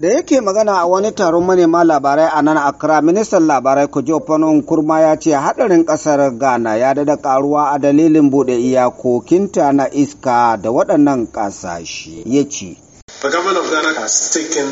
Da yake magana a wani taron manema labarai a nan Accra, ministan labarai Kujo Kurma ya ce hadarin kasar Ghana ya dada karuwa a dalilin bude iyakokinta na iska da waɗannan ƙasashe. Ya ce, The government of Ghana has taken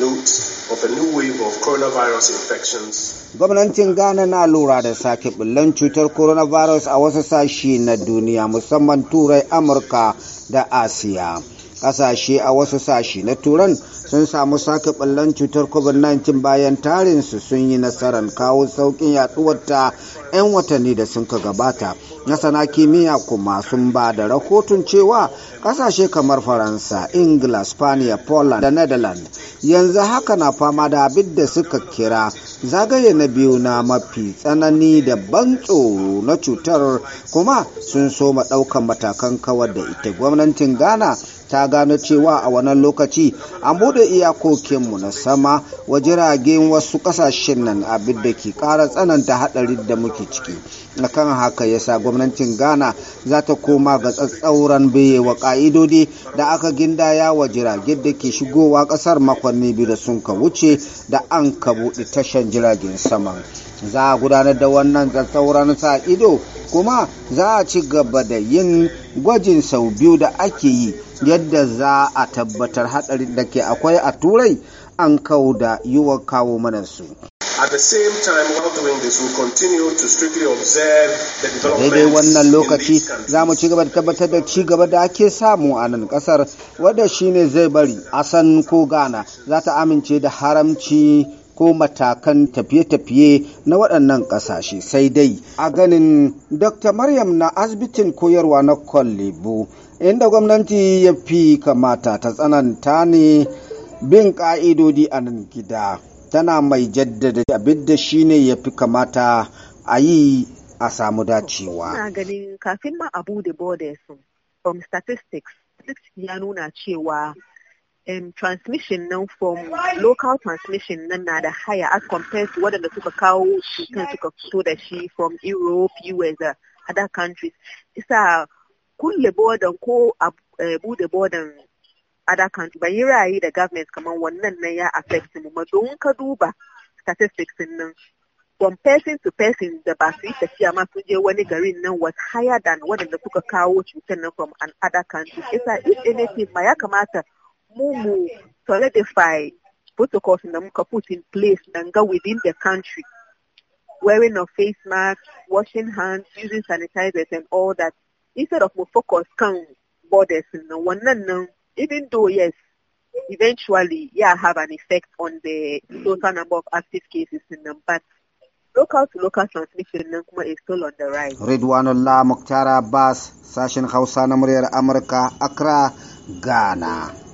note of a new wave of coronavirus infections. Gwamnatin Ghana na lura da sake bullan cutar coronavirus a wasu sashi na duniya musamman Turai, Amurka da Asiya. kasashe a wasu sashe na turan sun samu sake ɓallon cutar covid-19 bayan tarinsu sun yi nasarar kawo saukin sauƙin ta 'yan watanni da sun ka gabata masana kimiyya kuma sun ba da rahoton cewa kasashe kamar faransa ingila spaniya poland da netherlands yanzu haka na fama da abin da suka kira zagaye na biyu na mafi tsanani da ban tsoro na cutar kuma sun soma ɗaukan matakan kawar da ita gwamnatin ghana ta gano cewa a wannan lokaci an buɗe iyakokinmu na sama wa jiragen wasu kasashen nan abin da ke ƙara tsananta hadarin da muke ciki na kan haka yasa gwamnatin ghana za ta koma ga tsatsauran wa ƙa'idodi da aka gindaya wa jiragen da ke shigowa kasar makonni biyu da sun ka wuce da an ka buɗe tashan jiragen saman za a gudanar da wannan tsatsauran sa ido kuma za a ci gaba da yin gwajin sau biyu da ake yi yadda za a tabbatar hadarin da ke akwai a turai an kau da kawo mana su. At Daidai wannan lokaci za mu ci gaba da tabbatar da ci gaba da ake samu a nan kasar wadda shine zai bari a san ko Ghana za ta amince da haramci ko matakan tafiye-tafiye na waɗannan ƙasashe sai dai a ganin dr maryam na asibitin koyarwa na kwallebu inda gwamnati ya fi kamata ta tsananta ne bin ƙa'idodi a nan gida tana mai jaddada abin da shi ne ya fi kamata a yi a samu dacewa. kafin ma abu da borders from statistics ya nuna cewa um, transmission nan from local transmission nan na da higher as compared to waɗanda suka kawo cutar suka fito da shi from Europe, US uh, other countries. Isa kulle bodan ko a eh, bude bodan other country ban yi ra'ayi da government kamar wannan nan ya affect mu ma don ka duba statistics nan from person to person da ba su yi tafiya ma sun je wani garin nan was higher than waɗanda suka kawo cutar nan from an other country. Isa if anything ma ya kamata Mumu identify protocols in muka put in place Nanga within the country, wearing of face masks, washing hands, using sanitizers and all that. Instead of focus count borders in the one even though yes, eventually yeah have an effect on the total number of active cases in them, but local to local transmission is still on the rise. Ridwanullah Mukhtar Abbas, Sashin Hausa na America, Accra, Ghana.